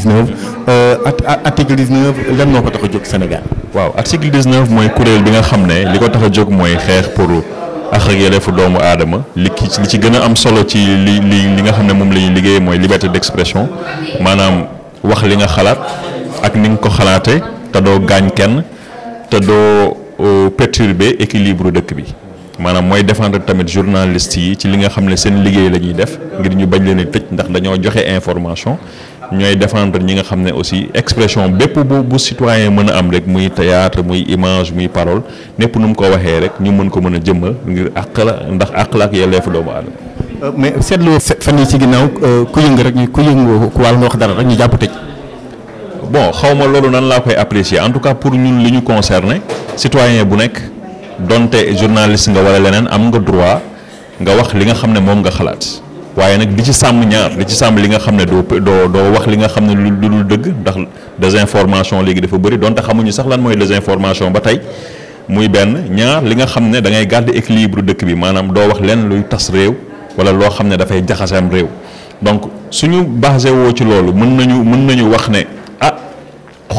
19 article 19 euh, lan moo ko tax a jóg Sénégal. waaw article mooy kuréel bi nga xam ne li ko tax a jóg mooy xeex pour àq ak doomu aadama li ci li ci gën a am solo ci li li li nga xam ne moom la ñuy liggéey mooy liberté d'expression maanaam wax li nga xalaat ak ni nga ko xalaatee te doo gaañ kenn te doo euh, perturber équilibre dëkk bi. maanaam mooy défendre tamit journaliste yi ci li nga xam ne seen liggéey la ñuy def ngir ñu bañ leen a tëj ndax dañoo joxe information ñooy defendre ñi nga xam ne aussi expression bépp bu bu citoyen mën a am rek muy théâtre muy image muy parole népp nu mu ko waxee rek ñu mën ko mën a jëmmal ngir àq la ndax àq la ak yelleefu doomu aadama. Euh, mais seetlu fan yi ci ginnaaw euh, ku yëngu rek ku yëngu ku wàll nga wax dara rek ñu jàpp tëj. bon xaw ma loolu nan laa koy apprécier en tout cas pour ñun li ñu concerné citoyen bu nekk donte journaliste nga wala leneen am nga droit nga wax li nga xam ne moom nga xalaat. waaye nag di ci sàmm ñaar di ci sàmm li nga xam ne doo doo doo wax li nga xam ne lu dul dëgg ndax désinformation léegi dafa bëri donte xamuñu sax lan mooy désinformation ba tey muy benn ñaar li nga xam ne da ngay garder équilibre dëkk bi maanaam doo wax leen luy tas réew wala loo xam ne dafay jaxaseem réew donc suñu basé woo ci loolu mën nañu mën nañu wax ne ah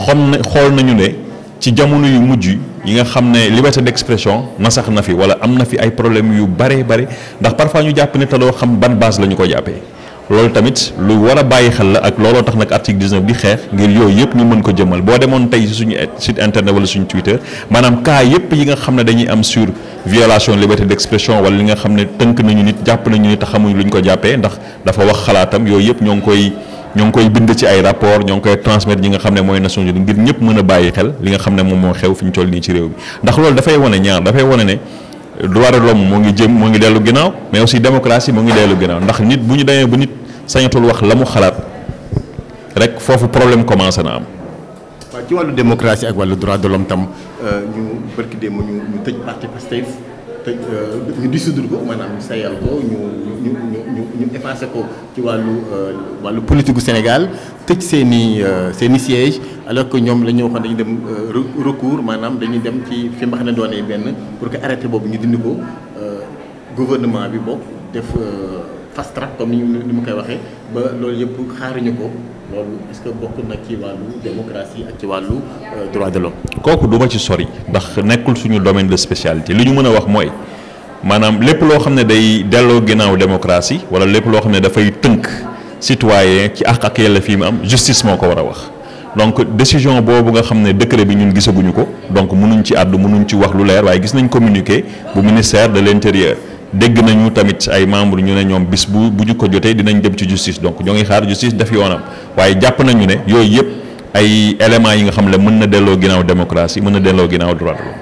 xam na xool nañu ne ci jamono yu mujj yi nga xam ne liberté d'expression nasax na fi wala am na fi ay problème yu bare bare ndax parfois ñu jàpp ne te doo xam ban base la ñu ko jàppee loolu tamit lu war a bàyyi xel la ak looloo tax nag article 19 bi xeex ngir yooyu yëpp ñu mën ko jëmal boo demoon tey si suñu site internet wala suñu Twitter maanaam cas yëpp yi nga xam ne dañuy am sur violation liberté d'expression wala li nga xam ne tënk nañu nit jàpp nañu nit te xamuñu luñ ko jàppee ndax dafa wax xalaatam yooyu yëpp ñoo ngi koy. ñoo ngi koy bind ci ay rapport ñoo ngi koy transmettre ñi nga xam ne mooy Nations Unies ngir ñëpp mën a bàyyi xel li nga xam ne moom moo xew fi ñu toll nii ci réew bi ndax loolu dafay wane ñaar dafay wane ne droit de l'homme moo ngi jëm moo ngi dellu ginnaaw mais aussi démocratie moo ngi dellu ginnaaw ndax nit bu ñu demee bu nit sañatul wax la mu xalaat rek foofu problème commencé na am. waaw ci wàllu démocratie ak wàllu droit de l'homme tam euh, ñu barki ñu ñu tëj parti tëj ñu euh, dissoudre ko maanaam ñu sayal ko ñu ñu ñu ñu ñu effacé ko ci wàllu euh, wàllu politique gu Sénégal tëj seen i euh, seen i siège ñoom la ñu waxoon dañuy dem recours maanaam dañuy dem ci fi mbax ne doonee benn pour que arrêté boobu ñu dindi ko gouvernement bi bokk def. fast track comme ni ni koy waxee loolu yëpp xaaruñu ko loolu est na ci ci wàllu euh, droit de l'homme kooku du ma ci sori ndax nekkul suñu domaine de spécialité li ñu mën a wax mooy maanaam lépp loo xam ne day delloo ginnaaw démocratie wala lépp loo xam ne dafay tënk citoyen ci àq ak yelleef yi mu am justice moo ko war a wax donc décision boobu nga xam ne décret bi ñun gisaguñu ko donc mënuñ ci àddu mënuñ ci wax lu leer waaye gis nañ communiqué bu ministère de l'intérieur dégg nañu tamit ay membre ñu ne ñoom bis bu bu ñu ko jotee dinañ dem ci justice donc ñoo ngi xaar justice def yoonam waaye jàpp nañu ne yooyu yëpp ay éléments yi nga xam ne mën na delloo ginnaaw démocratie mën na delloo ginnaaw droit la